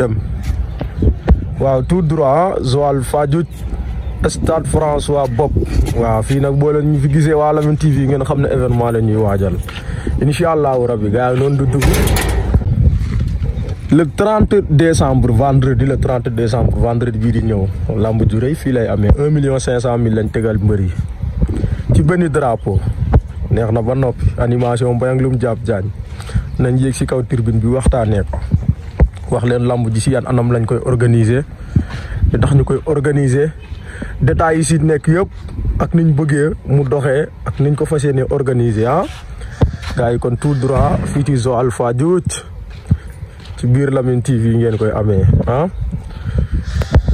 dem waaw tout droit zoal Fadiouth stade François bob waaw fi nak bo leen ñu fi gisee wa lamine TV ngeen xam ne événement la ñuy waajal inshallah rabbi gars non du dug le 30 décembre vendredi le 30 décembre vendredi bi di ñew lamb ju reuy fi lay amé 1 million 500 000 lañ tégal mbeuri ci benn drapeau neex na ba nopi animation Mbayang Loum japp Diagne nañ yéeg ci kaw tribune bi waxtaanee ko. wax leen lamb ji si yan anam lañ koy organiser li ñu koy organiser détails yi si nekk yëpp ak niñ bëggee mu doxee ak niñ ko fa yéenee organiser ah. gars yi kon tout droit fii ci Joal Fadiouth ci biir Lamyn TV ngeen koy amee ah.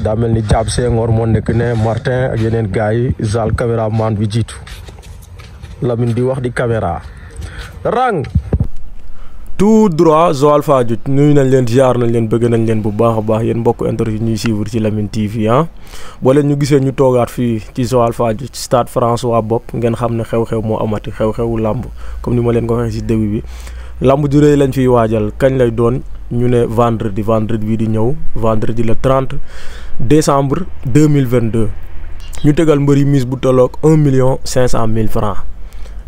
daa mel ni Diab Senghor moo nekk ne Martin ak yeneen gars yi Zal caméraman bi jiitu Lamine di wax di caméra rang. tout droit Joal Fadiouth nuyu nañ leen ziar nañ leen bëgg nañ leen bu baax baax yéen mbokk internet ñuy suivre ci Lamyn TV ah boo ñu gisee ñu toogaat fii ci Joal Fadiouth stade François Bopp ngeen xam ne xew-xew moo amati xew-xewu làmb comme ni ma leen ko waxee ci début bi làmb ju rëy lañ fiy waajal kañ lay doon ñu ne vendredi vendredi bii di ñëw vendredi le 30 décembre 2022 ñu tegal mbër yi mise bu tolloog un million cinq 500 mille francs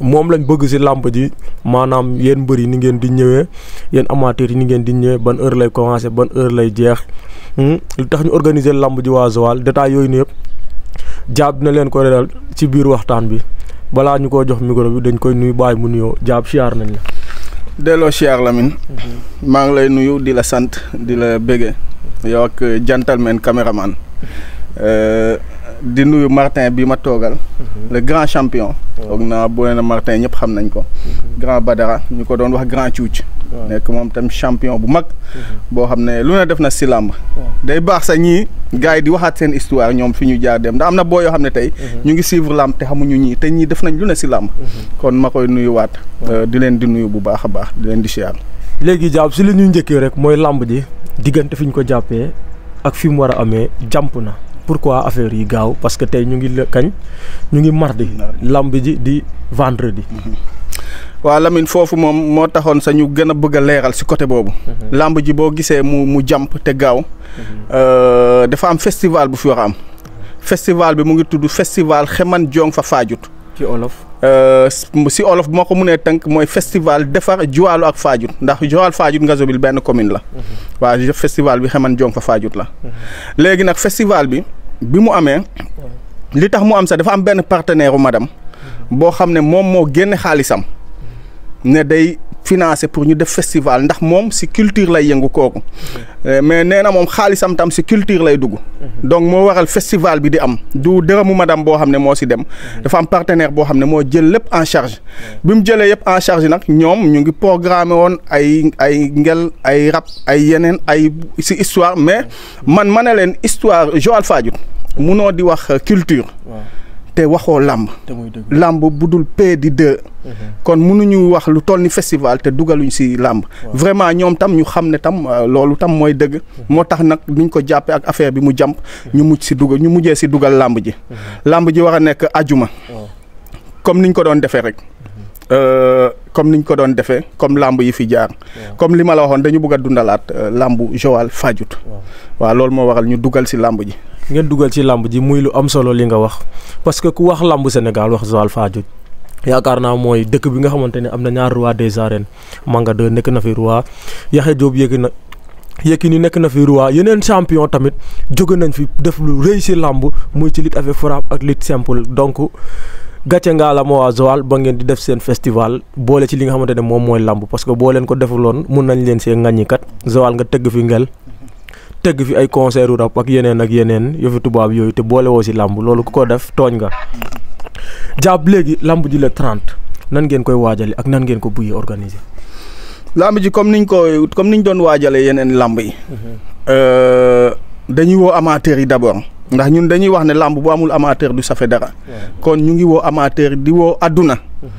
moom lañ bëgg si làmp ji maanaam yéen mbër yi ni ngeen di ñëwee yéen amateurs yi ni ngeen di ñëwee ban heure lay commencé ban heure lay jeex hmm? lu tax ñu organiser làmb ji waa Joal détail yooyu yëpp jaab na leen ko reeral ci biir waxtaan bi balaa ñu ko jox micro bi dañ koy nuyu bàyyi mu nuyoo jaab siyaar nañ la. delloo siyaar Lamine. Mhm. maa ngi lay nuyu di la sant di la bëgge yow ak uh, gentleman caméraman. Mhm. Euh, di nuyu Martin bi ma toogal. Mhm. le grand champion. foog naa boole na Martin ñëpp xam nañ ko. Mhm. grand Badara ñu ko doon wax grand cuuc. nekk moom tam champion bu mag. Mhm. boo xam ne lu ne def na si làmb day baax sa ñii gars yi di waxaat seen histoire ñoom fi ñu jaar dem na boo yoo xam ne tey. ñu ngi suivre làmb te xamuñu ñii te ñii def nañ lu ne si làmb kon ma koy nuyuwaat. Euh, di leen di nuyu bu baax a baax di leen di siyaar. léegi jaab si li ñuy njëkkee rek mooy làmb ji diggante fi ñu ko jàppee ak fi mu war a amee jàmp na. pourquoi affaire yi gaaw parce que tey ñu ngi kañ ñu ngi mardi lamb ji di vendredi. Mm-hmm. waaw Lamine foofu moom moo taxoon sañu gën a bëgg a leeral si côté boobu. Mm-hmm. lamb ji boo gisee mu mu jàmp te gaaw. Mm-hmm. Euh, dafa am festival bu fi war am. festival bi mu ngi tudd festival Xeman Jong fa Faajut. ci olof. Euh, si olof moo ko mënee tënk mooy festival defar Joal ak Fadiouth ndax Joal Fadiouth Ngazobil benn commune la. waaw festival bi Xeman Jong fa Fadiouth la. léegi nag festival bi. bi mu amee li tax mu am sax dafa am benn partenaire u madame boo xam ne moom moo génne xaalisam ne day financé pour nous des festival ndax mom culture eh, mais nous avons une tam culture mhm. Donc, nous donc festival bi am du madame Je mhm. partenaire en charge bi mu en charge nous avons programme rap histoire mais man avons ne histoire Joal culture te waxoo làmb làmb bu dul p di deux mhm. kon mënuñu wax lu toll ni festival te dugaluñ si làmb vraiment ñoom tam ñu xam ne tam euh, loolu tam mooy dëgg mhm. moo tax nag niñ ko jàppe ak affaire bi mu jàmp ñu mujj si dugal ñu mujjee si dugal làmb ji mhm. làmb ji war a nekk ajuma comme niñ ko doon defee rek euh, comme niñ ko doon defee comme làmb yi fi jaar comme li ma la waxoon dañu bëgg dundalaat euh, làmb Joal Fadiouth waaw loolu moo waral ñu dugal si làmb ji ngeen duggal ci lamb ji muy lu am solo li nga wax parce que ku wax lamb Sénégal wax zoal Fadiouth yaakaar naa mooy dëkk bi nga xamanteni amna ñaar roi des arènes Manga de nek na fi roi yahé job yëg na ni nek na fi roi yenen champion tamit joge nañ fi def lu réussir lamb muy ci lit avec frappe ak lit simple donc gatcha nga la ma waa Joal ba ngeen di def sen festival boole ci li nga xamanteni mom moy lamb parce que bo len ko defuloon mën nañ len see ngagn kat zoal nga tëgg fi ngel tëgg fi ay concert rap ak yenen ak yenen yëfu tubab yoy te bolé wo ci lamb lolu kuko def togn nga jab léegi lamb ji le 30 nan ngeen koy waajale ak nan ngeen ko buy organiser. lamb ji comme niñ ko comme niñ don waajalee yenen lamb yi. Mhm. euh dañuy wo amateur yi d'abord. ndax ñun dañuy wax né lamb bu amul amateur du safé dara. kon ñu ngi wo amateur di wo aduna mhm.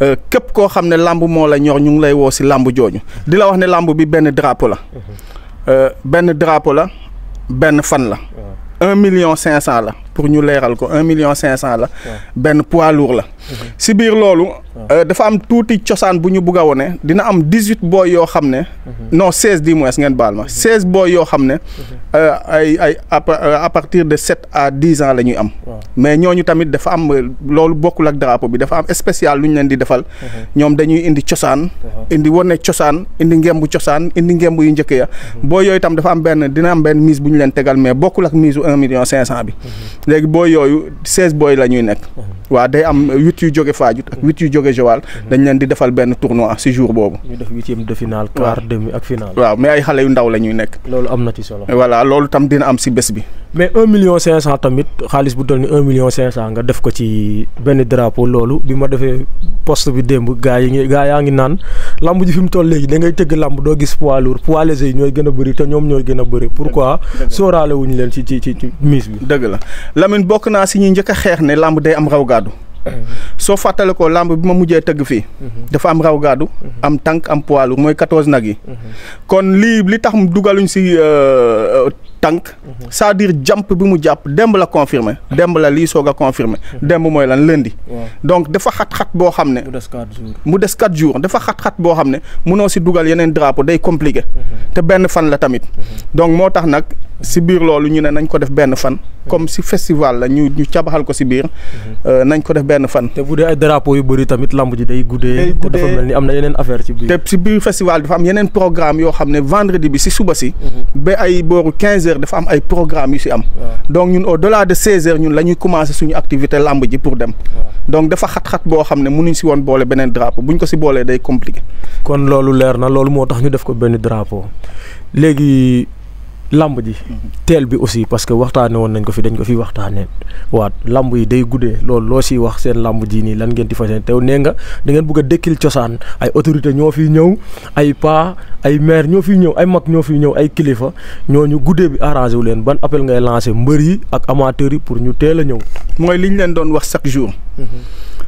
euh kep ko xamné lamb mo la ñor ñu ngi lay wo ci lamb joju di la wax né lamb bi ben drapeau la. Mhm. ben drapeau là ben fan là 1 million 500 là pour nous l'air ko un million cinq la benn poids lourd mhm. si bien loolu euh, dafa am touti cosaan bu ñu a dina am mhm. dix huit non 16 dix mois ngén balma à partir de 7 à 10 ans la am mais ñoñu tamit dafa am euh, lolu bokul ak drapeau bi dafa am spécial leen di defal mhm. ñom dañuy indi indi wone indi indi ngemb yu ya tam dafa am ben dina am ben mise mais ak million léegi booy yooyu seize booy la ñuy nekk mhm. waa day am huit yu jóge Fadiouth ak huit yu jóge Joal mhm. dañ leen di defal benn tournoi si jour boobu. ñu def huitième de finale quart demi ak waaw mais ay xale yu ndaw la ñuy nekk. loolu am na ci solo. voilà loolu tam dina am si bés bi. mais un million cinq cent tamit xaalis bu toll ni un million cinq cent nga def ko ci benn drapeau loolu bi ma defee poste bi démb gaa yi ngi gaa yaa ngi naan lamb ji fi mu toll léegi da ngay tëgg lamb doo gis poids lourd poids léger yi ñooy gën a bëri te ñoom ñooy gën a bëri pourquoi sóoraale wuñu leen ci ci ci ci mise bi dëgg la Lamine bokk naa si ñuy njëkk xeex ne lamb day am raw gàddu mhm. soo fàttale ko lamb bi ma mujjee tëgg fii mhm. dafa am raw gaadu mhm. am tànk am poids mooy quatorze nag yi kon lii li tax dugaluñ si euh, tank, ça veut dire jump bi mu japp demb la confirmer demb la li soga confirmer confirmé demb mooy lan lundi donc dafa xat-xat boo xam ne mu dess 4 jours dafa khat khat bo xamne ne munoo si dugal yeneen drapeau day compliqué mm-hmm. te ben fan la tamit mm-hmm. donc motax nak ci bir biir ñu ne nañ ko def ben fan mm-hmm. comme si festival la ñu ñu cabaxal ko sibir, biir euh, nañ ko def ben fan te boudé ay drapeau yu bari tamit lamb ji day goudé te dafa melni amna yenen affaire ci bir te ci bir festival dafa am yenen programme yo xamne ne vendredi bi ci suba ci be ay boru 15 heures dafa am ay programme yu am donc ñun au delà de 16 heures ñun la commencer suñu activité lamb ji pour dem donc dafa xat-xat bo xamné ne mënuñ si boole benen drapeau buñ ko ci boolee day compliqué kon lolu leer na loolu moo ñu def ko benn drapeau légui lamb tel tel aussi parce que waxtane woon nañ ko fi dañ ko fi waxtane waat lamb yi day goudé Si lo ci wax sen lamb ji ni lan ngeen di fa seen nga da ngeen bëgg ay autorité pa ay maire ay bi arrangé wu appel ngay lancé ak pour ñu chaque jour. Mm-hmm.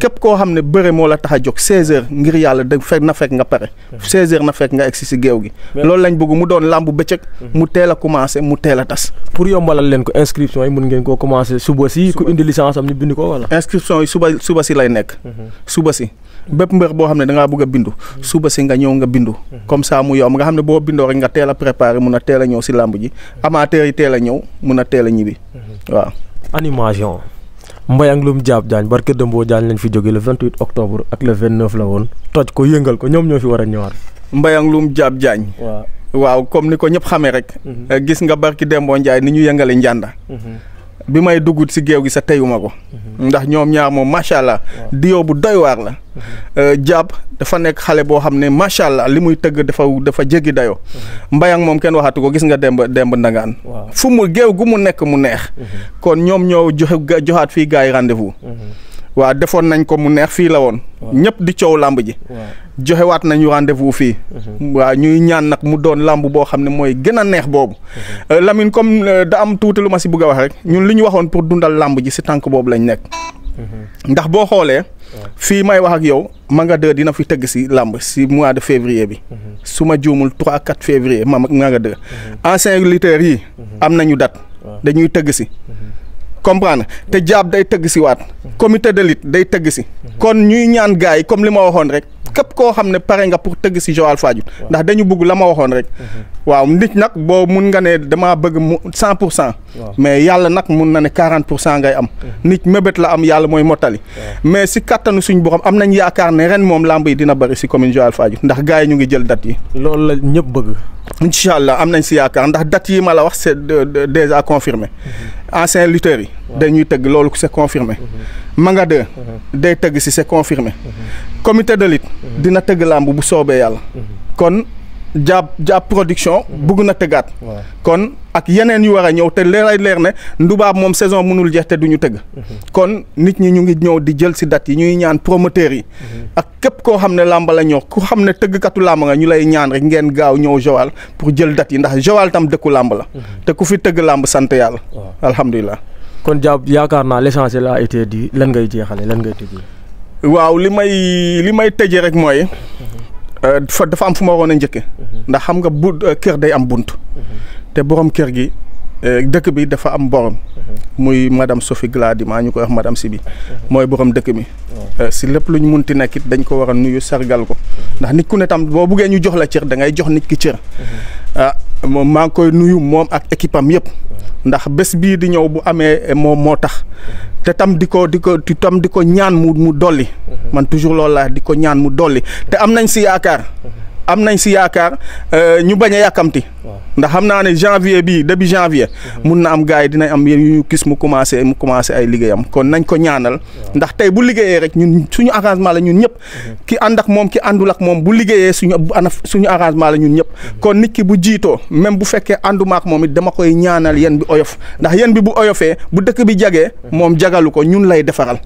képp koo xam ne bëre moo la tax a jóg 16h ngir yàlla da fekk na fekk nga pare. 16h na fekk nga egsi si géew gi. loolu lañ bëgg mu doon làmb bëccëg. Mm-hmm. mu teel a commencé mu teel a tas. pour yombalal leen ko inscription yi mun ngeen koo commencé suba si ku indi licence am ñu bind ko wala. inscription yi suba suba si lay nekk. Mm-hmm. suba si bépp mbër boo xam ne da ngaa a bindu. Mm-hmm. suba si nga ñëw nga bindu. comme ça mu yomb nga xam ne boo bindoo rek nga teel a a teel a ñëw si làmb ji amateur yi teel a ñëw mun a a ñibbi Mbayang Loum Diab Diagne barke Dembo Diagne lañ fi jóge le 28 octobre ak le 29 la woon toj ko yëngal ko ñoom ñoo fi war a ñëwaat. Mbayang Loum Diab Diagne. waaw waaw comme ni ko ñëpp xamee rek. Mhm. gis nga barki Dembo Ndiaye ni ñu yëngale njànda. Mhm. bi may dugg si géew gi sa teyuma ko mhm. ndax ñoom ñaar moom macha allah dioo bu doy waar la jàpp mhm. euh, dafa nekk xale boo xam ne macha allah li muy tëgg dafa dafa jéggi dayoo mhm. mbayang moom kenn waxaatu ko gis nga demb demb ndangaan fu mu géew gu mu nekk mu neex kon ñoom ñoo joxe joxaat fii gars yi rendez-vous wa defon nañ ko mu neex fi la won ñep di ciow lamb ji. joxe wat nañu rendez-vous fi mhm. wa ñuy ñaan nak mu doon lamb bo xamne moy gëna neex bobu mhm. euh, Lamine comme euh, da am tout lu ma ci bëgg wax rek ñun li waxon pour dundal lamb ji ci tank bobu lañ nekk. Mhm. ndax bo xolé fi may wax ak yow ma nga 2 dina fi tëgg ci lamb ci mois de février bi. suma joomul juumul 3 4 février ma Manga 2. anciens lutteurs yi. am nañu date. dañuy tëgg ci comprendre te jaab day tëgg si waat comité de lutte day tëgg si kon ñuy ñaan gars yi comme li ma waxoon rek képp koo xam ne pare nga pour tëgg si Joal Fadiouth ndax dañu bëgg la ma waxoon rek mhm. waaw nit nag boo mun nga ne damaa bëgg mu cent pour cent mais yàlla nag mun na ne quarante pour cent ngay am mhm. nit mébét la am yàlla mooy mottali mais si kattanu suñ borom am nañ yaakaar ne ren moom lamb yi dina bëri si commune Joal Fadiouth ndax gars yi ñu ngi jël date yi loolu la ñëpp bëgg incha allah am nañ si yaakaar ndax dat yi ma la wax c'est déjà à mhm. ancien lutteurs yi dañuy tëgg loolu c'est confirmé Manga 2 day tëgg si c'est confirmé comité de lutte mhm. dina teug lamb bu sobe yalla mhm. kon jab jab production mhm. buguna na kon ak yenen yu wara ñew ñëw te leeray leer ne ndubaab mom saison mënul jeex te duñu teug kon nit ñi ñu ngi ñew di jël si date yi ñuy ñaan promoteur yi ak kep ko xamne lamb la ñox ku xamne teug katu lamb nga ñu lay ñaan rek ngeen gaaw ñew Joal pour jël date yi ndax Joal tam deku lamb la te ku fi teug lamb sante yalla alhamdullilah kon jab ya naa l'essentiel a été dit lan ngay jeexale lan ngay waaw li may li may tëje rek mooy. Mhm. Euh, fa dafa am fu ma waroon a njëkke mhm. ndax xam nga bu euh, kër day am bunt. Mhm. te boroom kër gi euh, dëkk bi dafa am borom. muy madame Sophie Gladima maa ñu koy wax si bi mooy borom dëkk bi. si lépp lu ñu ti nekkit dañ ko war a nuyu sargal ko. ndax nit ku ne tam boo buggee ñu jox la cër da ngay jox nit ki cër. Ah, moom maa ngi koy nuyu moom ak équipe am yëpp ndax bés bii di ñëw bu amee eh, moom moo tax te tam di ko di ko tam di ko ñaan mu mu dolli man toujours loolu laa di ko ñaan mu dolli te am nañ si yaakaar am nañ si yaakaar euh, ñu baña yakamti ndax xamna naa ne janvier bi début janvier mën mhm. na am gaay dina am yu ñu gis mu commencé mu commencé ay ligéyam kon nañ ko ñaanal ndax tay bu Sunya rek ñun suñu arrangement la ñun ñëpp mhm. ki andak mom ki andulak mom moom bu Sunya suñu suñu arrangement la ñun ñëpp mhm. kon nit ki bu jito même bu fekkee ànduma ak dama koy ñaanal yeen bi oyof ndax yeen bi bu oyofé bu dëkk bi jagé mom jagalu ko ñun lay defaral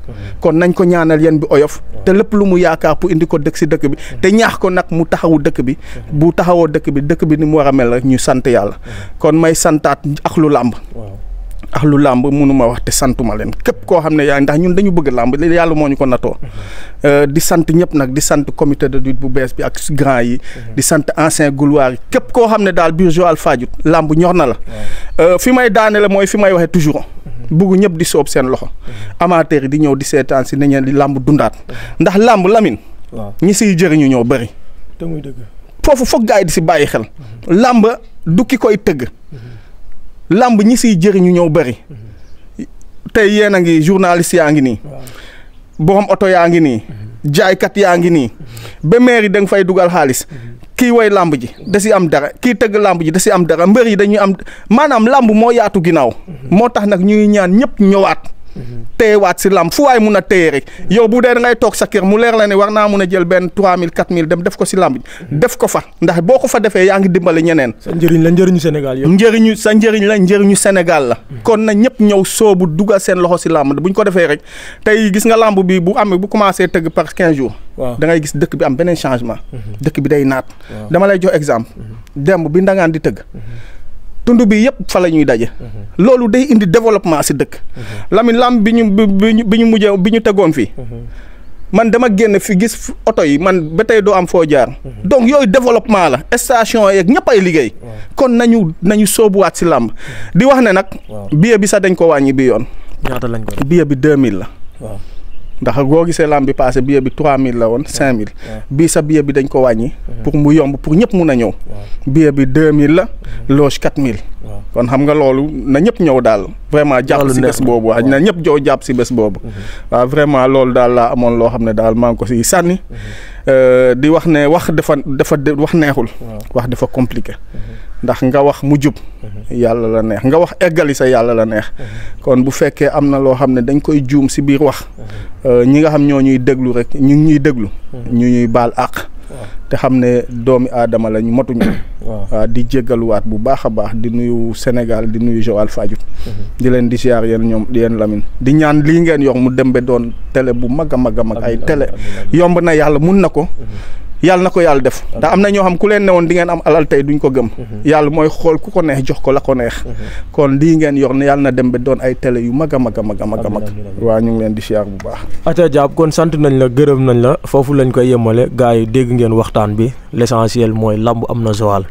kon nañ ko ñaanal yeen bi oyof té lepp lu mu yaakaar pour indi ko dëkk ci dëkk bi té ñaax ko nak mu taxawu dëkk bi bu taxawoo dëkk bi dëkk bi ni mu war a mel ñu sant yàlla kon may santaat ak lu làmb ax lu làmb mënuma wax te santuma leen képp koo xam ne yaa ndax ñun dañu bëgg làmb yàlla moo ñu ko natoo euh, di sant ñëpp nag di sant comité de lutte bu bees bi ak grand yi di sant ancien gouloir yi képp koo xam ne daal biir alfajut Fadiouth làmb ñor na la euh, fi may daane la mooy fi may waxee toujours mhm. bugg ñëpp di soob seen loxo mhm. amateur yi di ñëw di seetaan si nañu di làmb dundaat mhm. ndax làmb Lamine ñi siy jëriñu ñoo bëri te dëgg foofu foog gars yi di si bàyyi xel. làmb du ki koy tëgg. làmb ñi siy jëriñu ñëw bari tey yéen a ngi journaliste yaa ngi nii. borom oto yaa ngi nii. jaaykat yaa ngi nii. ba maire yi da nga fay dugal xaalis. kii woy làmb ji da si am dara kii tëgg làmb ji da si am dara mbër yi dañuy am maanaam làmb moo yaatu ginnaaw. Mm-hmm. moo tax nag ñuy ñaan ñëpp ñëwaat. téyewaat si làmb fu waay mun a téye rek yow bu dee da toog sa kër mu leer la ne war naa mun a jël benn trois mille quatre mille dem def ko si làmb def ko fa ndax boo ko fa defee yaa ngi dimbali ñeneen. sa njëriñ la njëriñu Sénégal yow. njëriñu sa njëriñ la njëriñu Sénégal la. Hmm. kon na ñëpp ñëw soobu dugal seen loxo si làmb bu ñu ko defee rek tey gis nga làmb bi bu amee bu commencé tëgg par quinze jours. waaw da ngay gis dëkk bi am beneen changement. Hmm. dëkk bi day naat. dama lay jox exemple. Hmm. demb bi ndangaan di tëgg tund bi yëpp fa la ñuy daje. Mhm. loolu day indi développement si dëkk. Mhm. Lamine lam bi ñu bi ñu bi ñu mujjee bi ñu tegoon fii. Mhm. man dama génn fi gis oto yi man ba tey doo am foo jaar. donc yooyu développement la station yeeg ñëpp ay liggéey. kon nañu nañu soobuwaat si làmb di wax ne nag. billet bi sax dañ ko wàññi bi yoon. ñaata lañ bi 2000 la. ndax boo gisee lam bi passé billet bi 3000 la woon 5000. bii sa billet bi dañ ko wàññi. pour mu yomb pour ñëpp mun a ñëw. billet bi mille la. loge 4000. kon xam nga loolu na ñëpp ñëw daal. vraiment jàpp si bés boobu waaw na ñëpp jow jàpp si bés boobu. Mhm. vraiment loolu daal laa amoon loo xam ne daal maa ngi ko siy sànni. Mhm. Euh, di wax ne wax dafa dafa wax neexul. wax dafa compliqué. Mhm. ndax nga wax mu jub mhm. yalla la neex nga wax egali sa yalla la neex mhm. kon bu fekke amna lo xamne dañ koy joom si biir wax mhm. euh, ñi nga xam ñoo ñuy deglu rek ñi ñuy deglu ñu ñuy bal ak te xamne ne doomi aadama lañ motuñu waaw di waat bu baaxa baax di nuyu Sénégal di nuyu Joal Fadiouth di len di yeen ñom di yeen Lamine di ñaan li ngeen yox mu dembe doon télé bu maga maga mag ay télé yomb na yalla mun nako yàlla na ko yàlla def ndax am na ñoo xam ku leen newoon di ngeen am alal tey duñ ko gëm mhm. yàlla mooy xool ku ko neex jox ko la ko neex mhm. kon lii ngeen yor yàlla na dem ba doon ay télé yu mag mag mag a mag a mag waaw ñu ngi leen di siyaar bu baax ata Diab kon sant nañ la gërëm nañ la foofu lañ koy yemale gars yi dégg ngeen waxtaan bi l'essentiel mooy lamb am na Joal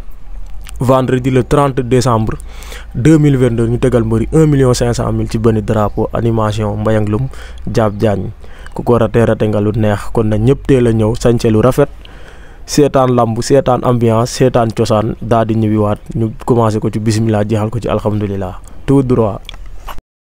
vendredi le 30 décembre 2022 ñu tegal mbëri 1 million 500 mille ci benn drapeau animation Mbayang Loum Diab Diagne ku ko ratee rate nga lu neex kon na ñëpp teel a ñëw sañse lu rafet seetaan lamb seetaan ambiance seetaan cosaan dal di ñëwiwaat ñu commencé ko ci bisimilah jeexal ko ci alhamdulilah tout droit.